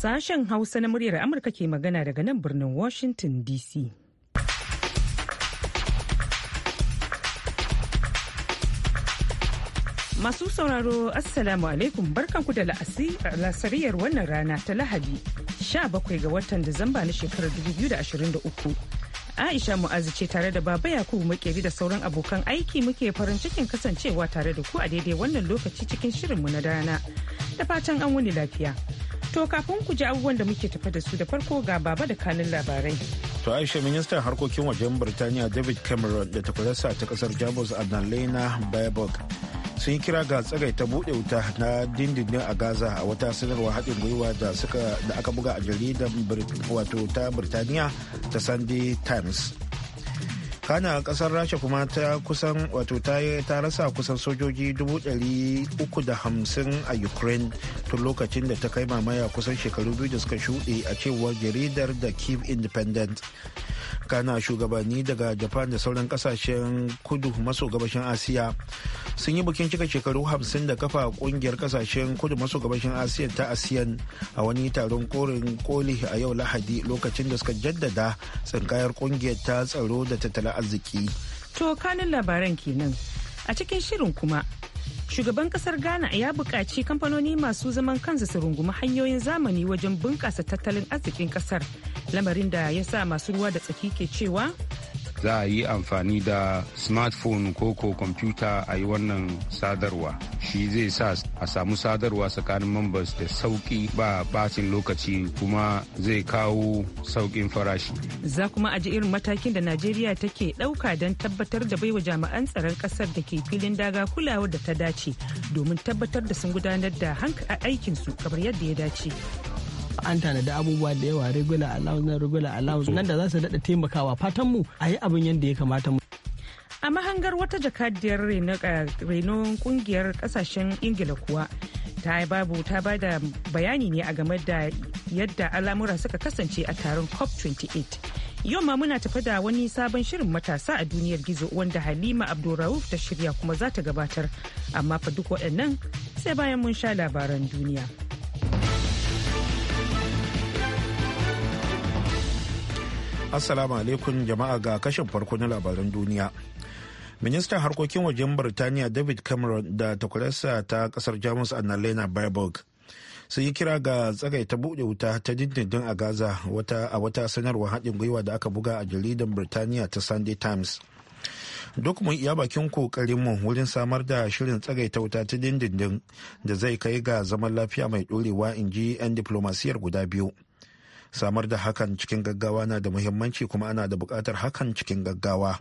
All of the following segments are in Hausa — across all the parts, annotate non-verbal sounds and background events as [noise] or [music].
Sashen Hausa na muryar Amurka ke magana daga nan birnin Washington DC. Masu sauraro Assalamu alaikum barkanku da lasariyar wannan rana ta Lahadi 17 ga watan Disamba na shekarar 2023. Aisha Mu'azu ce tare da Baba Yakubu Makeri da sauran abokan aiki muke farin cikin kasancewa tare da ku a daidai wannan lokaci cikin shirinmu na dana Da fatan an wuni lafiya. To kafin ku ji abubuwan da muke tafa da su da farko ga baba da kanin labarai. To Aisha ministan harkokin wajen Birtaniya David Cameron da takwararsa ta kasar Jamus a nalena Baerbock sun yi kira ga tsagai ta buɗe wuta na dindindin a Gaza a wata sanarwa haɗin gwiwa da aka buga a jaridar wato ta Birtaniya ta Sunday Times. kana kasar rasha kuma ta kusan wato ta rasa kusan sojoji 350 a ukraine tun lokacin da ta kai mamaya kusan shekaru biyu da suka shuɗe a cewar jaridar da kiev independent kana shugabanni daga japan da sauran kasashen kudu maso gabashin asiya sun yi bikin cika shekaru hamsin da kafa kungiyar kasashen kudu maso gabashin asiya ta asiyan a wani taron korin koli a yau lahadi lokacin da suka jaddada tsinkayar kungiyar ta tsaro da tattalin arziki to kanin labaran kenan a cikin shirin kuma shugaban kasar ghana ya bukaci kamfanoni masu zaman kansu su rungumi hanyoyin zamani wajen bunƙasa tattalin arzikin kasar lamarin da ya sa masu ruwa da tsaki ke cewa za a yi amfani da smartphone ko ko kwamfuta a yi wannan sadarwa shi zai sa a samu sadarwa tsakanin members da sauki ba bacin lokaci kuma zai kawo saukin farashi za kuma a ji irin matakin da najeriya take ɗauka don tabbatar da baiwa jami'an tsaron ƙasar da ke filin daga kulawar da ta dace domin tabbatar da sun gudanar da hankali aikinsu kamar yadda ya dace an tanadi abubuwa da yawa regular allowance na regular allowance nan da za su daɗa taimakawa fatan mu a yi abin yadda ya kamata mu. a mahangar wata jakadiyar reno kungiyar eh, kasashen ingila kuwa ta babu ta ba da bayani ne a game da yadda al'amura suka kasance a taron cop 28 yau ma muna tafi da wani sabon shirin matasa a duniyar gizo wanda halima abdulrauf ta shirya kuma za ta gabatar amma fa duk waɗannan sai bayan mun sha labaran duniya. Assalamu alaikum jama'a ga kashin farko na labaran duniya. Ministan harkokin wajen Birtaniya David Cameron da takwararsa ta kasar Jamus Annalena Baerbock sun yi kira ga tsagaita buɗe wuta ta dindindin a Gaza a wata sanarwar haɗin gwiwa da aka buga a jaridar Birtaniya ta Sunday Times. duk mun iya bakin mu wurin samar da shirin tsagaita wuta ta dindindin da zai kai ga zaman lafiya mai ɗorewa in ji 'yan diplomasiyar guda biyu samar da hakan cikin gaggawa na da muhimmanci kuma ana da bukatar hakan cikin gaggawa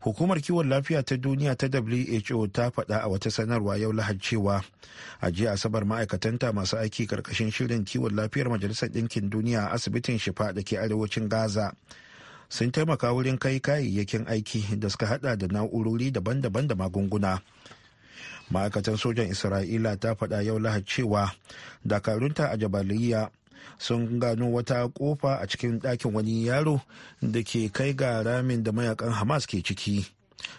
hukumar kiwon lafiya ta duniya ta who ta faɗa a wata sanarwa yau lahad cewa a jiya asabar ma'aikatanta masu aiki karkashin shirin kiwon lafiyar majalisar ɗinkin duniya a asibitin shifa da ke arewacin gaza sun taimaka wurin kai kayayyakin aiki da suka hada da na'urori daban-daban da magunguna ma'aikatan sojan isra'ila ta faɗa yau lahad cewa dakarunta a jabaliya sun gano wata kofa a cikin ɗakin wani yaro da ke kai ga ramin da mayakan hamas ke ciki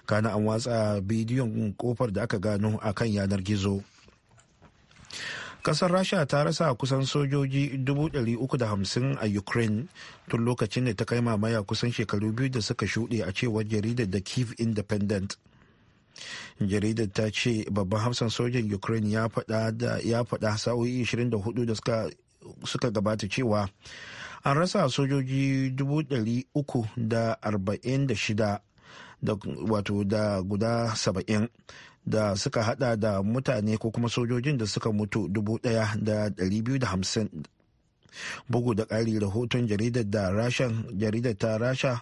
kana an watsa bidiyon kofar da aka gano a kan yanar gizo kasar rasha ta rasa kusan sojoji 350 a ukraine tun lokacin da ta kai mamaya kusan shekaru biyu da suka shuɗe a cewar jaridar da kiev independent jaridar ta ce babban hafsan sojan ukraine ya faɗa sa'o'i 24 da suka suka gabata cewa an rasa sojoji 346 da wato da guda 70 da suka hada da mutane ko kuma sojojin da suka mutu 1250 bugu da ƙari rahoton jaridar da rasha jaridar ta rasha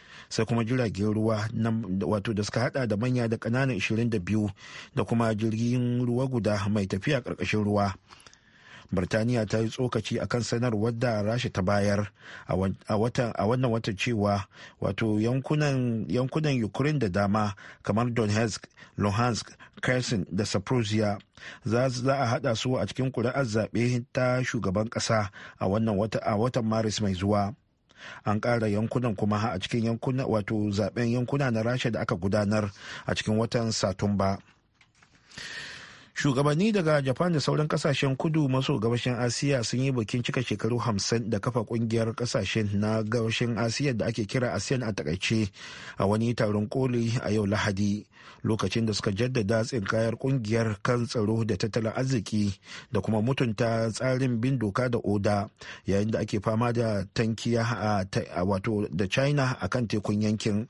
sai kuma jiragen ruwa wato da suka hada da manya da kananan 22 da kuma jirgin ruwa guda mai tafiya karkashin ruwa birtaniya ta yi tsokaci a kan sanarwar da rasha ta bayar a wannan watan cewa wato yankunan ukraine da dama kamar donetsk luhansk kherson da saprosia za a hada su a cikin kuri'ar zaɓe ta shugaban ƙasa a watan maris mai zuwa an ƙara yankunan kuma a cikin yankuna wato zaben yankuna na rasha da aka gudanar a cikin watan satumba shugabanni daga japan da sauran kasashen kudu maso gabashin asiya sun yi bikin cika shekaru hamsin da kafa kungiyar kasashen na gabashin asiya da ake kira asean a takaice a wani taron koli a yau lahadi lokacin da suka jaddada tsinkayar kungiyar kan tsaro da tattalin arziki da kuma mutunta tsarin bin doka da oda yayin da ake fama da tankiya a wato da china kan tekun yankin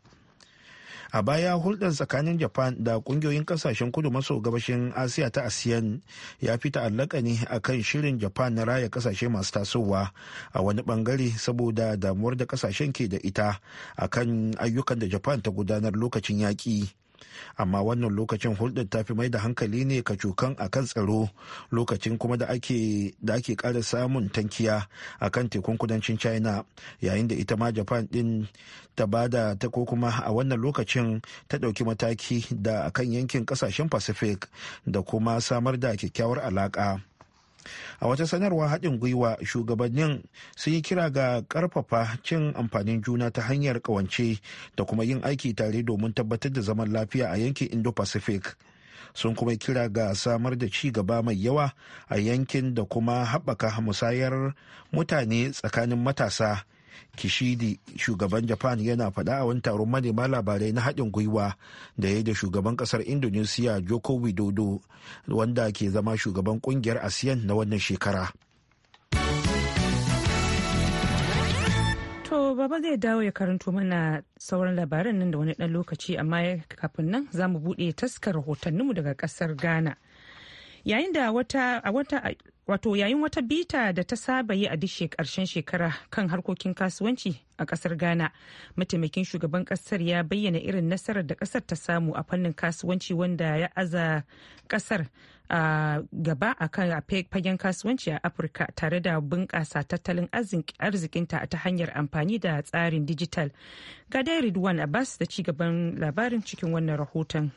a baya hulɗar tsakanin japan da ƙungiyoyin ƙasashen kudu maso gabashin asiya ta asiyan ya fi ta'allaka ne a kan shirin japan na raya ƙasashe masu tasowa a wani ɓangare saboda damuwar da ƙasashen ke da ita a kan ayyukan da japan ta gudanar lokacin yaƙi amma wannan lokacin hulɗar ta fi mai da hankali ne kacukan a kan tsaro lokacin kuma da ake ƙara samun tankiya a kan tekun kudancin china yayin da ita ma japan ɗin ta bada ta ko kuma a wannan lokacin ta ɗauki mataki da kan yankin ƙasashen pacific da kuma samar da kyakkyawar alaƙa. a wata sanarwa haɗin gwiwa shugabannin sun yi kira ga ƙarfafa cin amfanin juna ta hanyar ƙawance da kuma yin aiki tare domin tabbatar da zaman lafiya a yankin indo-pacific sun kuma kira ga samar da ci gaba mai yawa a yankin da kuma haɓaka musayar mutane tsakanin matasa kishidi shugaban japan yana faɗa a wani taron manema labarai na haɗin gwiwa da ya da shugaban ƙasar indonesiya joko widodo wanda ke zama shugaban ƙungiyar asiyan na wannan shekara to baba zai dawo ya karanto mana sauran labaran nan da wani dan lokaci amma kafin nan za mu buɗe taskar rahotanninmu daga kasar ghana yayin da a wata wato yayin wata bita da ta saba yi a duk karshen shekara kan harkokin kasuwanci a kasar ghana mataimakin shugaban kasar ya bayyana irin nasarar da kasar ta samu a fannin kasuwanci wanda ya aza kasar a gaba a kan fagen kasuwanci a afirka tare da bunƙasa tattalin arzikinta ta hanyar amfani da tsarin dijital ga dai ridwan abbas da cigaban labarin cikin wannan rahoton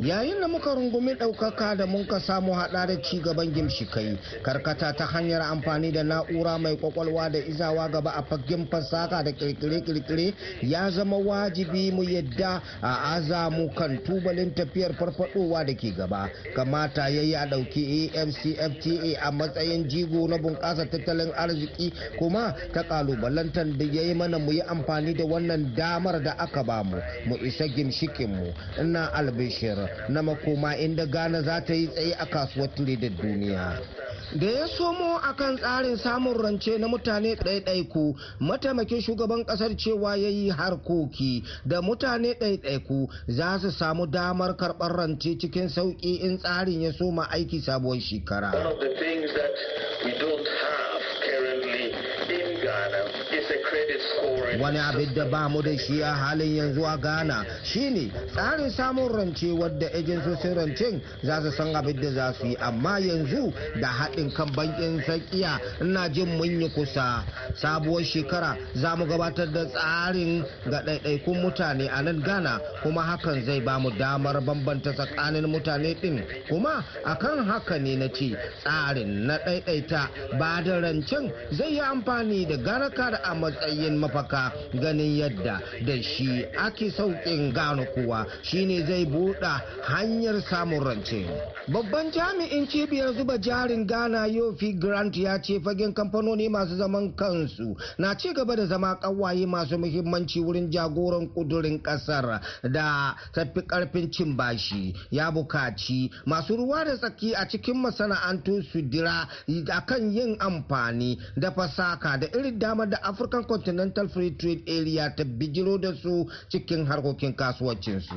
yayin da muka rungumi ɗaukaka da mun ka samu haɗa da ci gaban gimshikai karkata ta hanyar amfani da na'ura mai kwakwalwa da izawa gaba a fagen fasaha da kirkire-kirkire ya zama wajibi mu yadda a aza kan tubalin tafiyar farfadowa da ke gaba kamata ya yi a ɗauki amcfta a matsayin jigo na bunƙasa tattalin arziki kuma ta ƙalubalantar da ya mana mu yi amfani da wannan damar da aka ba mu mu isa mu ina albishir na makoma inda ghana za ta yi tsaye a kasuwar da duniya da ya somo kan tsarin samun rance na mutane ɗaiɗaiku mataimakin shugaban ƙasar cewa ya yi harkoki da mutane ɗaiɗaiku za su samu damar karɓar rance cikin sauƙi in tsarin ya soma aiki sabuwar shekara. wani abin da ba mu da shi a halin yanzu a ghana shine tsarin samun rance wadda ejinsosin rancen za su san abin da za su yi amma yanzu da haɗin kan bankin tsakiya ina jin mun kusa sabuwar shekara za mu gabatar da tsarin ga ɗaiɗaikun mutane a nan ghana kuma hakan zai ba mu damar bambanta tsakanin mutane ɗin kuma a kan haka ne na ce tsarin na ɗaiɗaita ba da rancen zai yi amfani da gana da a matsayin yin mafaka ganin yadda da shi ake sauƙin gano kowa shine zai buɗa hanyar samun rance. Babban jami'in cibiyar zuba jarin Ghana Yofi Grant ya ce fagen kamfanoni masu zaman kansu na ci gaba da zama ƙawaye masu muhimmanci wurin jagoran kudurin ƙasar da tafi ƙarfin cin bashi ya bukaci masu ruwa da tsaki a cikin masana'antu su dira akan yin amfani da fasaka da irin damar da African Continental continental free trade area ta bijiro da su cikin harkokin kasuwancinsu.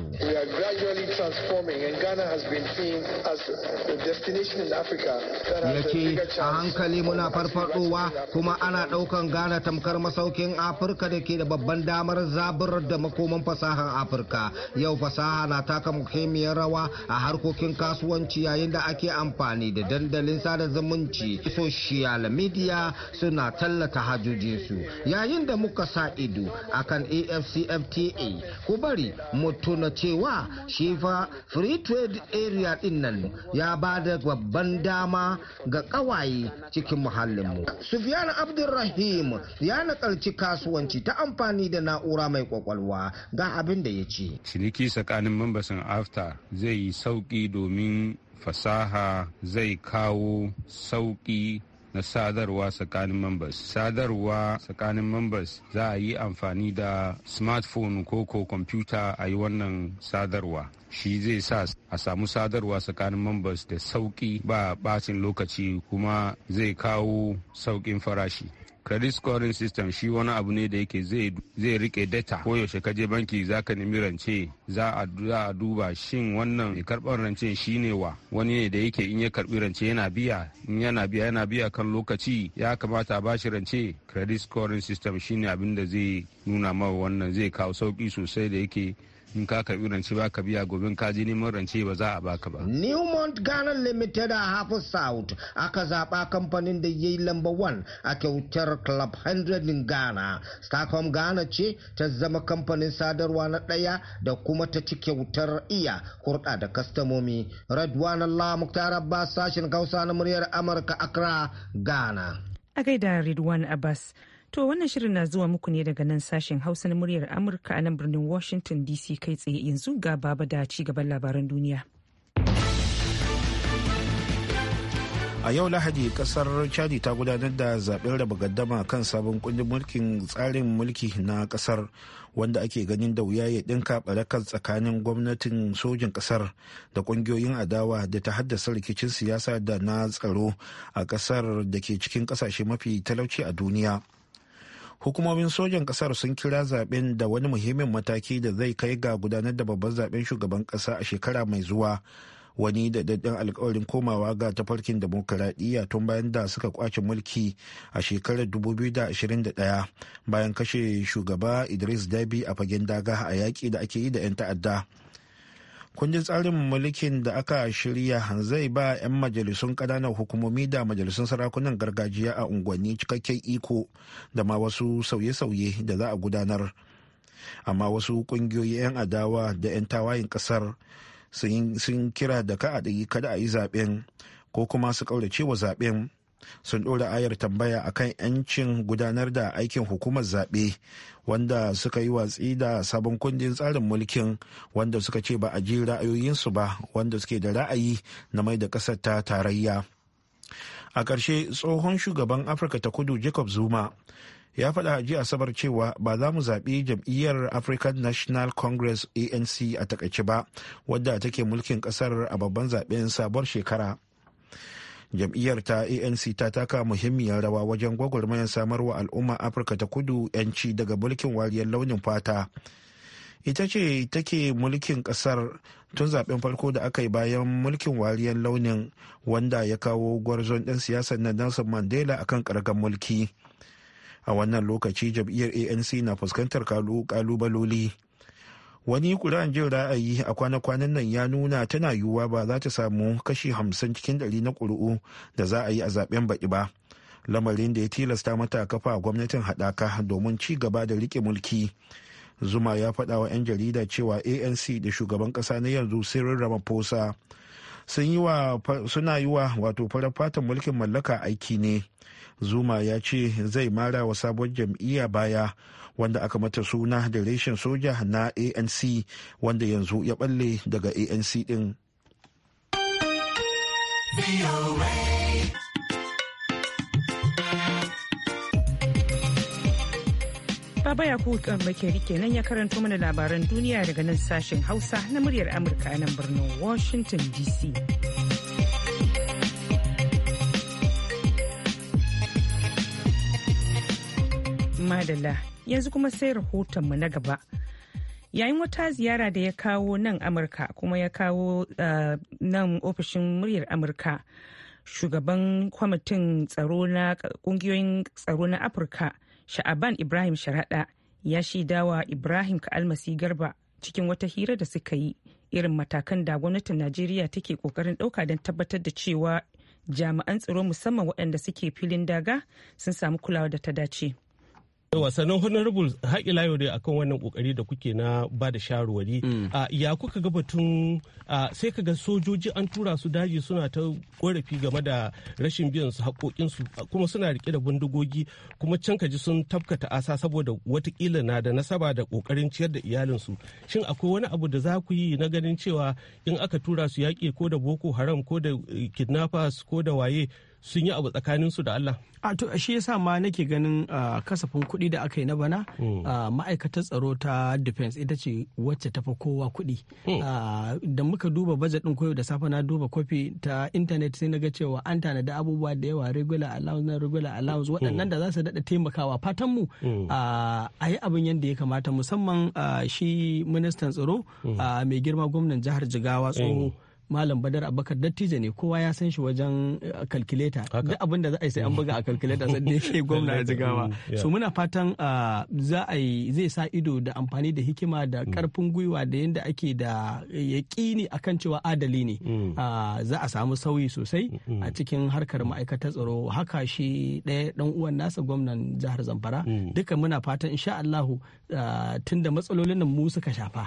a hankali muna farfadowa kuma ana daukan Ghana tamkar masaukin Afirka da ke da babban damar zabar da makoman fasahar Afirka. Yau fasaha na taka muhimmiyar rawa a harkokin kasuwanci yayin da ake amfani da dandalin sada zumunci social media suna tallata hajojinsu yayin da muka sa ido akan afcfta ku bari mu tuna cewa shi fa free trade area din nan ya ba da babban dama ga kawaye cikin muhallinmu sufiyan abdulrahim ya nakalci kasuwanci ta amfani da na'ura mai kwakwalwa ga abin da ya ce ciniki tsakanin mambasin afta zai yi sauki domin fasaha zai kawo sauƙi na sadarwa tsakanin members sadarwa tsakanin members za a yi amfani da smartphone ko ko kwamfuta a yi wannan sadarwa shi zai sa a samu sadarwa tsakanin members da sauki ba bacin lokaci kuma zai kawo sauƙin farashi credit scoring system shi wani abu ne da yake zai rike data ko yaushe ka je banki za ka nemi rance za a duba shin wannan mai karɓar rance shi ne wa wani ne da yake in ya karbi rance yana biya in yana biya yana biya kan lokaci ya kamata a bashi rance credit scoring system shine abin da zai nuna ma wannan zai kawo sauki sosai da yake in ka karbi rance ba ka biya gobe ka ji neman rance ba za a baka ba. Newmont Ghana Limited a Half South aka zaɓa kamfanin da ya lamba 1 a kyautar Club 100 in Ghana. Stockholm Ghana ce ta zama kamfanin sadarwa na ɗaya da kuma ta ci kyautar iya kurɗa da kastamomi. Radwan Allah Muktar Abbas sashin Hausa na muryar Amurka Accra, Ghana. A gaida Ridwan Abbas. To wannan shirin na zuwa muku ne daga nan sashen Hausa na muryar Amurka a nan birnin Washington DC kai tsaye yanzu ga baba da ci gaban labaran duniya. A yau Lahadi kasar Chadi ta gudanar da zaben raba gaddama kan sabon kundin mulkin tsarin mulki na kasar wanda ake ganin da wuya ya dinka barakar tsakanin gwamnatin sojin kasar da kungiyoyin adawa da ta haddasa rikicin siyasa da na tsaro a kasar da ke cikin kasashe mafi talauci a duniya. hukumomin sojan kasar sun kira zaben da wani muhimmin mataki da zai kai ga gudanar da babban zaben shugaban kasa a shekara mai zuwa wani da daɗin alkawarin komawa ga tafarkin demokuraɗiyya tun bayan da suka kwace mulki a shekarar 2021 bayan kashe shugaba idris dabi a fagen daga a yaƙi da ake yi da 'yan ta'adda kun ji tsarin mulkin da aka shirya zai ba 'yan majalisun ƙananan hukumomi da majalisun sarakunan gargajiya a unguwanni cikakken iko da ma wasu sauye-sauye da za a gudanar amma wasu ƙungiyoyi 'yan adawa da 'yan tawayin ƙasar sun kira da ka a kada a yi zaɓen ko kuma su ƙaurace wa zaɓen sun ɗora ayar tambaya a kan 'yancin gudanar da aikin hukumar zaɓe wanda suka yi watsi da sabon kundin tsarin mulkin wanda suka ce ba a ji ra'ayoyinsu ba wanda suke da ra'ayi na mai da ƙasar ta tarayya a ƙarshe tsohon shugaban afirka ta kudu jacob zuma ya faɗa ji asabar cewa ba za mu zaɓi jam'iyyar african national congress anc a takaice ba wadda take mulkin ƙasar a babban zaɓen sabuwar shekara jam'iyyar ta anc ta taka muhimmiyar rawa wajen gwagwarmayar samarwa al'umma afirka ta kudu 'yanci daga mulkin wariyar launin fata ita ce take mulkin kasar tun zaben farko da aka yi bayan mulkin wariyar launin wanda ya kawo gwarzon ɗan siyasar na nelson mandela akan karkar mulki a wannan lokaci jam'iyyar anc na fuskantar kalubaloli wani kuran jin ra'ayi a kwana-kwanan nan ya nuna tana yiwuwa ba za ta samu kashi hamsin cikin ɗari na ƙuri'u da za a yi a zaben baƙi ba lamarin da ya tilasta mata kafa gwamnatin haɗaka domin ci gaba da riƙe mulki zuma ya faɗa wa 'yan jarida cewa anc da shugaban ƙasa na yanzu sirrin ramaphosa sun suna yi wa wato farar fatan mulkin mallaka aiki ne zuma ya ce zai mara wa sabon jam'iyya baya wanda aka mata suna da reshen soja na anc wanda yanzu ya balle daga anc din Baba Yakubu rike nan ya karanto mana labaran duniya daga nan sashen Hausa na muryar Amurka a nan birnin Washington DC. madalla yanzu kuma sai rahoton mu na gaba. Yayin wata ziyara da ya kawo nan Amurka kuma ya kawo eh, nan ofishin muryar Amurka, shugaban kwamitin tsaro na kungiyoyin tsaro na Afirka, Sha'aban Ibrahim Sharaɗa ya shidawa Ibrahim Ka'almasi Garba cikin wata hira da suka yi irin matakan da gwamnatin Najeriya take kokarin ɗauka don tabbatar da cewa jami'an tsaro musamman waɗanda suke filin daga sun samu kulawa da ta dace. wasannin honorable haƙila yau dai akan wannan kokari da kuke na ba da shawarwari mm. ah, ya kuka ga batun ah, sai ka ga sojoji an tura su daji suna ta korafi game da rashin biyan su haƙoƙinsu kuma suna rike da bindigogi kuma can ka ji sun tafkata asa saboda watakila na da nasaba da kokarin ciyar da iyalinsu shin akwai wani abu da za ku yi na ganin cewa in aka tura su yaƙi ko da boko haram ko da eh, kidnappers ko da waye sun yi abu tsakanin su da Allah a to shi yasa ma nake ganin uh, kasafin kuɗi da aka yi na bana hmm. uh, ma'aikatar tsaro ta defense ita ce wacce ta fi kowa kuɗi hmm. uh, da muka duba budget ɗin koyo da safe na duba kofi ta intanet sai naga cewa an tanada abubuwa da yawa regular allowance na regular allowance hmm. waɗannan da za su daɗa taimakawa fatan mu a yi abin yadda ya kamata musamman shi ministan tsaro mai girma gwamnan jihar jigawa tsoho malam badar abakar dattijo ne kowa ya san shi wajen eh, kalkuleta duk abin da za a yi sai an buga a kalkuleta sai da yake [laughs] gwamna a jigawa so muna fatan ah, za a yi zai sa ido da amfani da hikima da karfin mm. gwiwa da yadda ake da eh, yaƙini akan cewa adali ne mm. ah, za a samu sauyi sosai mm. a cikin harkar ma'aikatar tsaro haka shi ɗaya ɗan uwan nasa gwamnan jihar zamfara duka muna fatan insha Allahu ah, tunda matsalolin nan mu suka shafa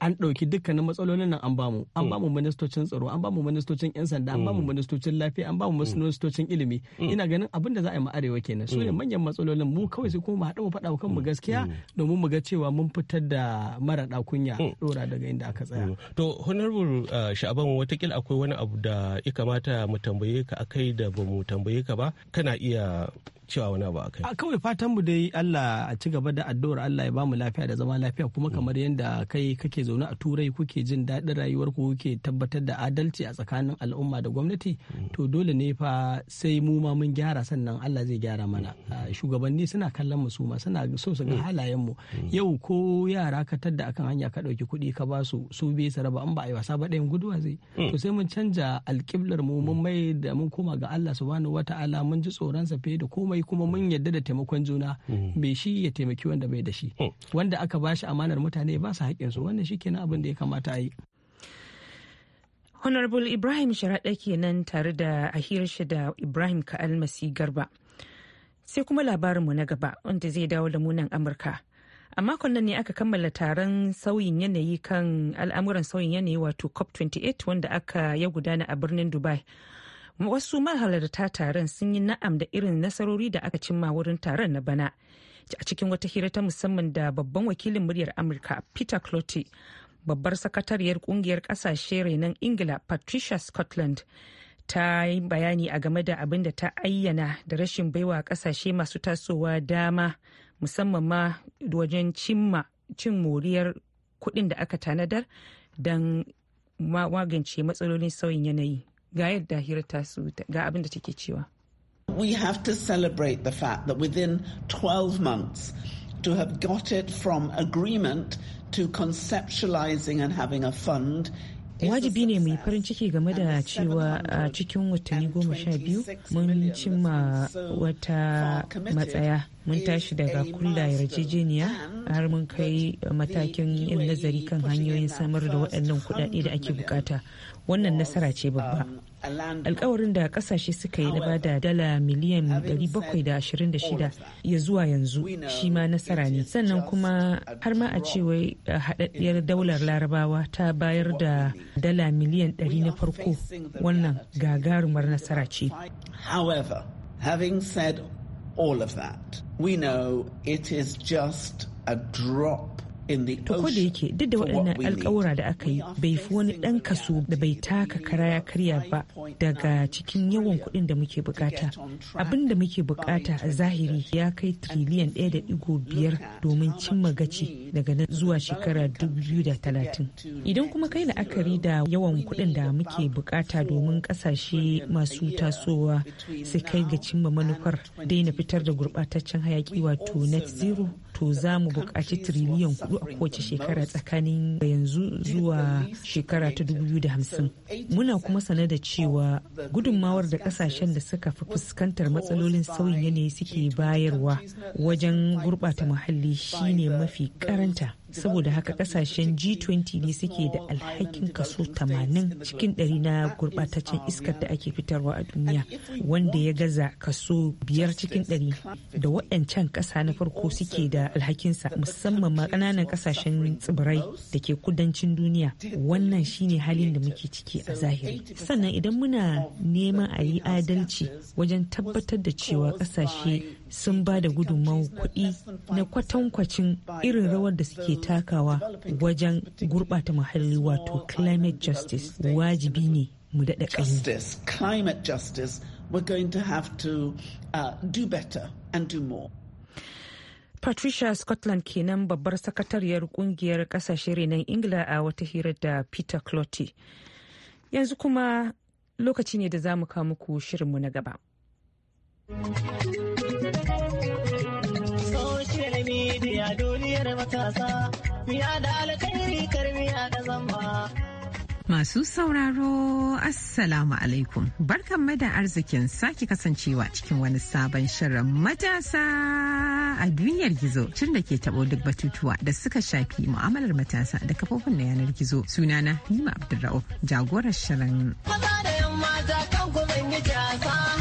an ɗauki dukkanin matsalolin nan an bamu an mm. bamu ministocin tsaro an bamu ministocin yan sanda an bamu mm. ministocin lafiya an bamu mm. ministocin ilimi ina ganin abin da za a yi arewa kenan su ne manyan matsalolin mu kawai sai kuma mu haɗu mu faɗa wa kanmu gaskiya domin mu ga cewa mun fitar da mara kunya ɗora daga inda aka tsaya. to honorable uh, sha'aban watakil akwai wani abu da ya kamata mu tambaye ka akai da ba mu tambaye ka ba kana iya cewa wani abu akai. kawai fatan mu dai Allah a ci gaba da addu'ar Allah ya bamu lafiya da zama lafiya kuma kamar yadda kai kake zaune a turai kuke jin daɗin rayuwar ku kuke tabbatar da adalci a tsakanin al'umma da gwamnati to dole ne fa sai mu ma mun gyara sannan Allah zai gyara mana shugabanni suna kallon mu suma suna so su ga mm. halayen mu mm. yau ko yara ka tadda akan hanya ka dauki kuɗi ka ba su su bai su raba an ba a wasa ba ɗayan guduwa zai mm. to sai mun canja alƙiblar mu mun mai da mun koma ga Allah subhanahu wata'ala mun ji tsoron sa fiye da komai kuma mun yadda da taimakon juna bai shi ya taimaki wanda bai da shi wanda aka ba shi amanar mutane ba su haƙƙin su wannan kenan abin da ya kamata yi honorable ibrahim sharaɗa kenan tare da ahir shi da ibrahim ka'almasi garba sai kuma labarinmu na gaba wanda zai dawo da munan amurka a makon nan ne aka kammala taron sauyin yanayi kan al'amuran sauyin yanayi wato cop 28 wanda aka ya gudana a birnin dubai wasu mahalarta taron sun yi na'am da irin nasarori da aka cimma wurin taron na bana a cikin wata hira ta musamman da babban wakilin muryar amurka peter clotty babbar sakatariyar kungiyar kasashe renon ingila patricia scotland ta yi bayani a game da abin da ta ayyana da rashin baiwa kasashe masu tasowa dama musamman ma wajen cimma cin moriyar kudin da aka tanadar don magance matsalolin sauyin yanayi ga yadda hira ga abin da take cewa we have to celebrate the fact that within 12 months, to have got it from agreement to conceptualizing and having a fund wajibi ne farin ciki game da cewa a cikin watanni goma sha biyu mun cimma wata matsaya mun tashi daga kulla yarjejeniya har mun kai matakin yin nazari kan hanyoyin samar da waɗannan kuɗaɗe da ake bukata wannan nasara ce babba alkawarin da kasashe suka yi na bada dala miliyan 726 ya zuwa yanzu shi ma nasara ne sannan kuma har ma a cewa eh, haɗaɗɗiyar daular larabawa ta bayar da dala miliyan 100 na farko wannan gagarumar nasara ce all of that. We know it is just a drop ko da yake duk da waɗannan alkawura da aka yi bai fi wani ɗan kaso da bai taka kara ya karya ba daga cikin yawan kuɗin da muke bukata abin da muke bukata a zahiri ya kai triliyan ɗaya da ɗigo biyar domin cimma gaci daga nan zuwa shekara talatin idan kuma kai la'akari da yawan kuɗin da muke bukata domin ƙasashe masu tasowa sai kai ga cimma manufar daina fitar da gurɓataccen hayaki wato net zero to za mu buƙaci tiriliyan kudu a kowace shekara tsakanin yanzu zuwa shekara ta 2050 muna kuma sane da cewa gudunmawar da kasashen da suka fi fuskantar matsalolin sauyin yanayi suke bayarwa wajen gurɓata muhalli shine mafi karanta saboda haka kasashen G20 ne suke da alhakin kaso 80 cikin 100 na gurbataccen iskar da ake fitarwa a duniya wanda ya gaza kaso 5 cikin 100 da waɗancan ƙasa na farko suke da alhakinsa musamman ma ƙananan ƙasashen tsibirai da ke kudancin duniya wannan shine halin da muke ciki a zahiri sannan idan muna neman a yi adalci wajen tabbatar da cewa ƙasashe sun ba da gudunmawar kuɗi na kwatankwacin irin rawar da suke takawa wajen gurɓata muhalli wato climate justice wajibi ne mu daɗa uh, Patricia Scotland kenan babbar sakatariyar kungiyar kasashe renon Ingila a wata hira da Peter Clotty. Yanzu kuma lokaci ne da za mu kawo muku shirinmu na gaba. Social media matasa, miya da alkhairi karmiya da zamba. Masu sauraro Assalamu alaikum barkan da arzikin sake kasancewa cikin wani sabon shirin matasa a duniyar gizo tun da ke taɓo duk batutuwa da suka shafi mu'amalar matasa da kafofin na yanar gizo sunana Nima Abdulra'uf jagorar shirin. Maza da yamma kan kuma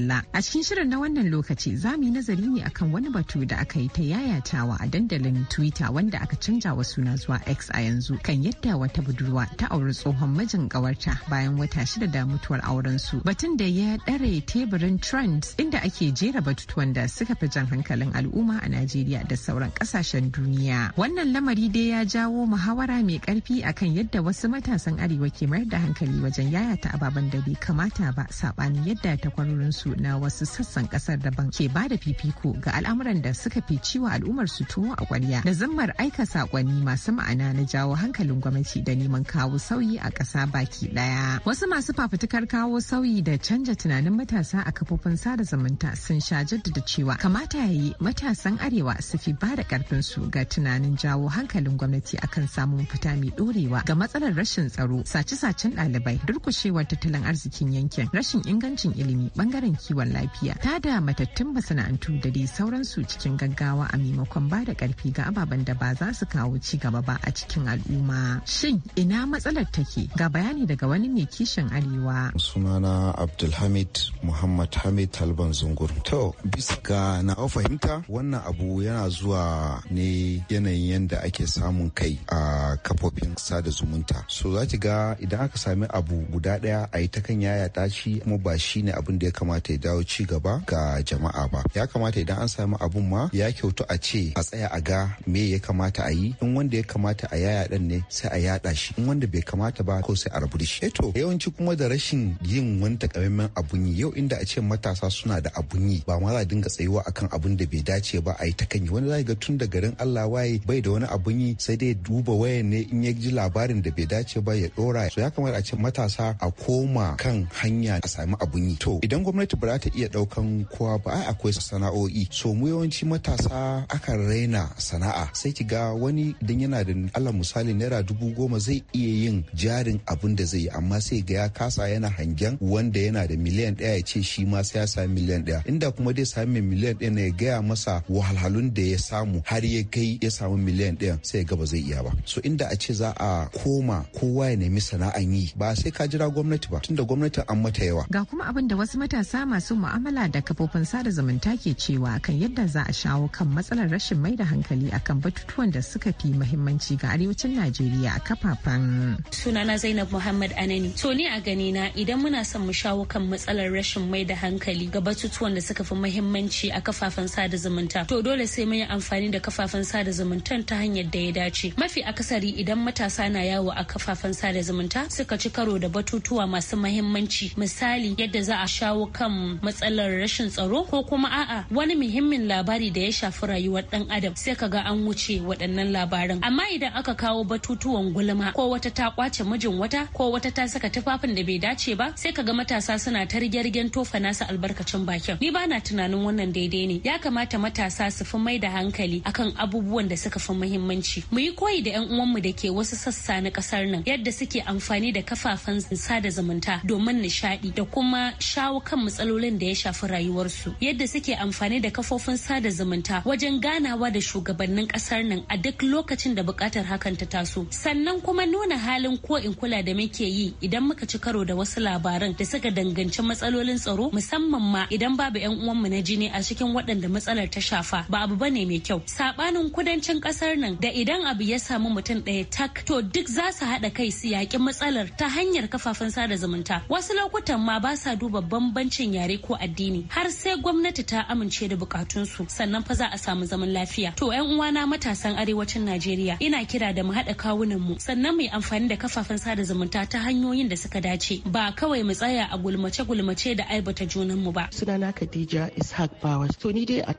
Abdullah. A cikin shirin na wannan lokaci za mu yi nazari ne akan wani batu da aka yi ta yayatawa a dandalin Twitter wanda aka canja wa suna zuwa X a yanzu kan yadda wata budurwa ta auri tsohon mijin kawarta bayan wata shida da mutuwar auren su. Batun da ya dare teburin trends inda ake jera batutuwan da suka fi jan hankalin al'umma a Najeriya da sauran kasashen duniya. Wannan lamari dai ya jawo muhawara mai karfi akan yadda wasu matasan arewa ke mayar da hankali wajen yayata ababen da bai kamata ba saɓanin yadda ta su su na wasu sassan kasar daban ke ba da fifiko ga al'amuran da suka fi ciwa al'ummar su tuwo a kwarya da zammar aika sakonni masu ma'ana na jawo hankalin gwamnati da neman kawo sauyi a ƙasa baki ɗaya. Wasu masu fafutukar kawo sauyi da canja tunanin matasa a kafofin sada zumunta sun sha jaddada cewa kamata yayi matasan arewa su fi ba da su ga tunanin jawo hankalin gwamnati akan samun fita mai ɗorewa ga matsalar rashin tsaro sace-sacen ɗalibai durkushewar tattalin arzikin yankin rashin ingancin ilimi bangaren kiwon lafiya ta da matattun masana'antu da dai sauransu cikin gaggawa a maimakon ba da karfi ga ababen da ba za su kawo ci gaba ba a cikin al'umma shin ina matsalar take ga bayani daga wani mai kishin arewa sunana abdulhamid muhammad hamid talban zungur to bisa ga na fahimta wannan abu yana zuwa ne yanayin yadda ake samun kai a kafofin sada zumunta so za ki ga idan aka sami abu guda daya a yi ta kan yaya tashi kuma ba shi ne abin da ya kamata kamata ya dawo ci gaba ga jama'a ba ya kamata idan an samu abun ma ya kyautu a ce a tsaya a ga me ya kamata a yi in wanda ya kamata a yaya dan ne sai a yada shi in wanda bai kamata ba ko sai a rabu da shi eto eh yawanci kuma da rashin yin wani takamaiman abun yi yau inda a ce matasa suna da abun yi ba ma za dinga tsayuwa akan abun da bai dace ba a yi ta kan yi wani za ga tun da garin Allah waye bai da wani abun yi sai dai duba wayan ne in ya ji labarin da bai dace ba ya dora so ya kamata a ce matasa a koma kan hanya a sami abun yi to idan gwamnati ba za ta iya daukan kowa ba ai akwai sana'o'i so mu yawanci matasa akan raina sana'a sai ki ga wani dan yana da Allah misali naira dubu goma zai iya yin jarin abin da zai yi amma sai ga ya kasa yana hangen wanda yana da miliyan ɗaya ya ce shi ma sai ya sami miliyan ɗaya inda kuma dai sami miliyan ɗaya ne ya gaya masa wahalhalun da ya samu har ya kai ya samu miliyan ɗaya sai ya ga ba zai iya ba so inda a ce za a koma kowa ya nemi sana'an yi ba sai ka jira gwamnati ba tunda gwamnati an mata yawa ga kuma abin da wasu matasa masu mu'amala da kafofin sada zumunta ke cewa kan yadda za a shawo kan matsalar rashin mai da hankali akan batutuwan da suka fi muhimmanci ga arewacin Najeriya a kafafen. Sunana Zainab Muhammad Anani. To ni a gani na idan muna son mu shawo kan matsalar rashin mai da hankali ga batutuwan da suka fi muhimmanci a kafafen sada zumunta. To dole sai mun yi amfani da kafafen sada zumunta ta hanyar da ya dace. Mafi akasari idan matasa na yawo a kafafen sada zumunta suka ci karo da batutuwa masu muhimmanci misali yadda za a shawo kan matsalar rashin tsaro ko kuma a'a wani muhimmin labari da ya shafi rayuwar dan adam sai ka ga an wuce waɗannan labaran amma idan aka kawo batutuwan gulma ko wata ta kwace mijin wata ko wata ta saka tufafin da bai dace ba sai ka ga matasa suna ta rigirgen tofa nasa albarkacin bakin ni ba na tunanin wannan daidai ne ya kamata matasa su fi mai da hankali akan abubuwan da suka fi muhimmanci mu yi koyi da yan uwanmu da ke wasu sassa na kasar nan yadda suke amfani da kafafen sada zumunta domin nishaɗi da kuma shawo kan matsalolin da ya shafi rayuwarsu yadda suke amfani da kafofin sada zumunta wajen ganawa da shugabannin kasar nan a duk lokacin da bukatar hakan ta taso sannan kuma nuna halin ko in kula da muke yi idan muka ci karo da wasu labaran da suka danganci matsalolin tsaro musamman ma idan babu yan uwanmu na jini a cikin waɗanda matsalar ta shafa ba abu bane mai kyau sabanin kudancin kasar nan da idan abu ya samu mutum ɗaya tak to duk za su haɗa kai su yaƙi matsalar ta hanyar kafafen sada zumunta wasu lokutan ma ba sa duba bambancin yare ko addini har sai gwamnati ta amince da bukatunsu sannan fa za a samu zaman lafiya to yan uwana matasan arewacin najeriya ina kira da mu haɗa kawunan mu sannan mu yi amfani da kafafen sada zumunta ta hanyoyin da suka dace ba kawai mu tsaya a gulmace gulmace da aibata junan mu ba sunana khadija ishaq bawas to ni dai a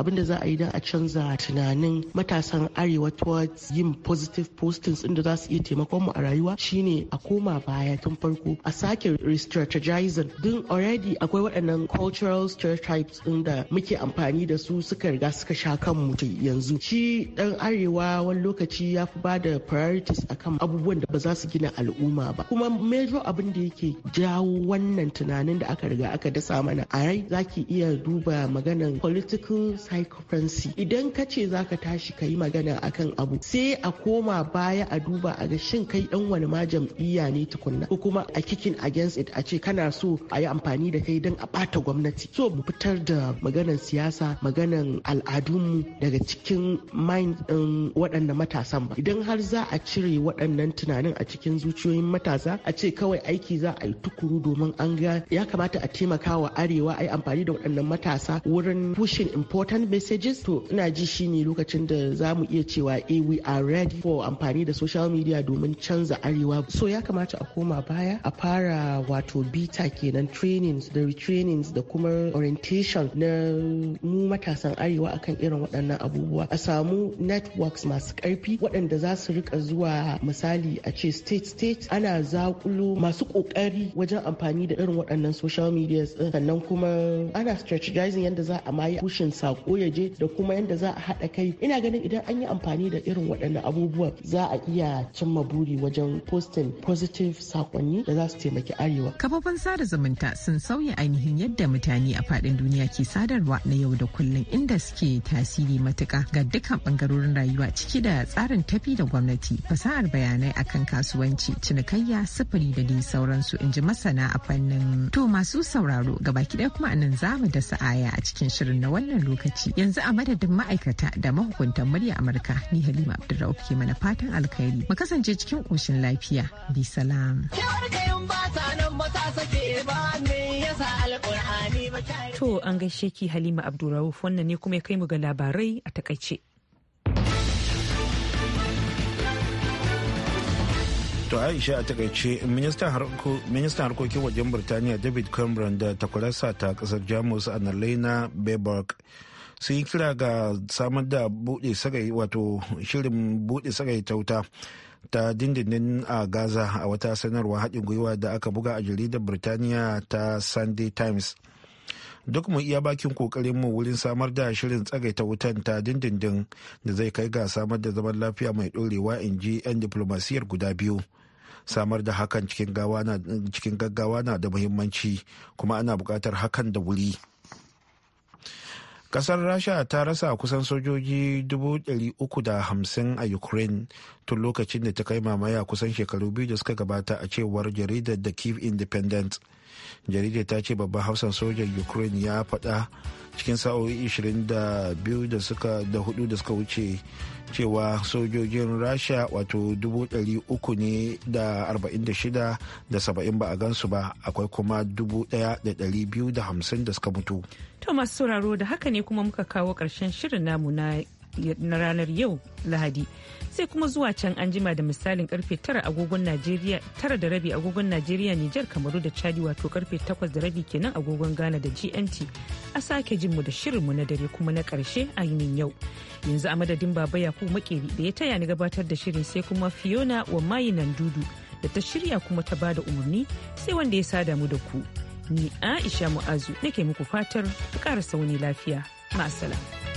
abin da za a yi don a canza tunanin matasan arewa towards yin positive postings inda za su iya taimakon mu a rayuwa shine a koma baya tun farko a sake restrategizing din already akwai waɗannan cultural stereotypes ɗin da muke amfani da su suka riga suka sha kan mu yanzu shi ɗan arewa wani lokaci ya fi ba da priorities akan abubuwan da ba za su gina al'umma ba kuma major abin da yake jawo wannan tunanin da aka riga aka dasa mana a rai zaki iya duba maganar political psychopathy idan ka ce za ka tashi ka yi magana akan abu sai a koma baya a duba a ga shin kai ɗan wani ma jam'iyya ne tukunna ko kuma a kikin against it a ce kana so a yi amfani da kai don a bata gwamnati so mu fitar da maganar siyasa maganan al'adunmu daga cikin mind ɗin waɗannan matasan ba idan har za a cire waɗannan tunanin a cikin zuciyoyin matasa a ce kawai aiki za a yi tukuru domin an ga ya kamata a taimaka wa arewa a yi amfani da waɗannan matasa wurin pushing important messages to ina ji shi ne lokacin da za mu iya cewa eh we are ready for amfani da social media domin canza arewa so ya kamata a koma baya a fara wato bita kenan trainings da retrainings da kuma orientation na mu matasan arewa akan irin waɗannan abubuwa a samu networks masu ƙarfi waɗanda za su rika zuwa misali a ce state state ana zakulo masu ƙoƙari wajen amfani da irin waɗannan social media sannan kuma ana strategizing yadda za a maye pushing sako ya je da kuma yadda za a haɗa kai ina ganin idan an yi amfani da irin waɗannan abubuwa za a iya cimma buri wajen posting positive sakonni da za su taimaki arewa kafafen sada zumunta sun sauya shine ainihin yadda mutane a faɗin duniya ke sadarwa na yau da kullum inda suke tasiri matuka ga dukkan bangarorin rayuwa ciki da tsarin tafi da gwamnati fasahar bayanai akan kasuwanci cinikayya sufuri da dai sauransu in ji masana a fannin to masu sauraro gabaki ɗaya kuma anan za mu da aya a cikin shirin na wannan lokaci yanzu a madadin ma'aikata da mahukuntan murya amurka ni halima abdulrauf ke mana fatan alkhairi mu kasance cikin ƙoshin lafiya bi salam. ba ta nan ba ta sake ba ne. To an gaishe ki Halima Abdulrauf wannan ne kuma ya kai mu ga labarai a takaice. To Aisha a takaice ministan harkokin wajen Birtaniya David Cameron da takwararsa ta kasar Jamus a Annalena Baerbock sun yi kira ga samar da buɗe sagai wato shirin buɗe sagai tauta. ta dindindin a gaza a wata sanarwa haɗin gwiwa da aka buga a jaridar birtaniya ta sunday times duk mu iya bakin kokarin mu wurin samar da shirin tsagaita wutan ta dindindin da zai kai ga samar da zaman lafiya mai ɗorewa in ji 'yan diplomasiyar guda biyu samar da hakan cikin gaggawa na da muhimmanci kuma ana buƙatar hakan da wuri Kasar Rasha ta rasa kusan sojoji 350 a Ukraine tun lokacin da ta kai mamaya kusan shekaru biyu da suka gabata a cewar jaridar The Kiev Independent. Jaridar ta ce babban hausan sojan Ukraine ya faɗa cikin sa'o'i 22 da suka da hudu da suka wuce cewa sojojin rasha wato 300 ne da 46 da 70 ba a gansu ba akwai kuma 1250 da suka mutu. To masu sauraro da haka ne kuma muka kawo ƙarshen shirin namu na na ranar yau Lahadi. Sai kuma zuwa can an jima da misalin karfe tara agogon Najeriya tara da rabi agogon Najeriya Nijar Kamaru da Chadi wato karfe takwas da rabi kenan agogon Ghana da gnt a sake jin mu da shirinmu na dare kuma na karshe a yinin yau. Yanzu a madadin Baba Yakubu Makeri da ya taya ni gabatar da shirin sai kuma Fiona wa mayi nan dudu da ta shirya kuma ta bada umarni sai wanda ya sada mu da ku. Ni Aisha Mu'azu nake muku fatar ku ƙara sauni lafiya. Ma'asala.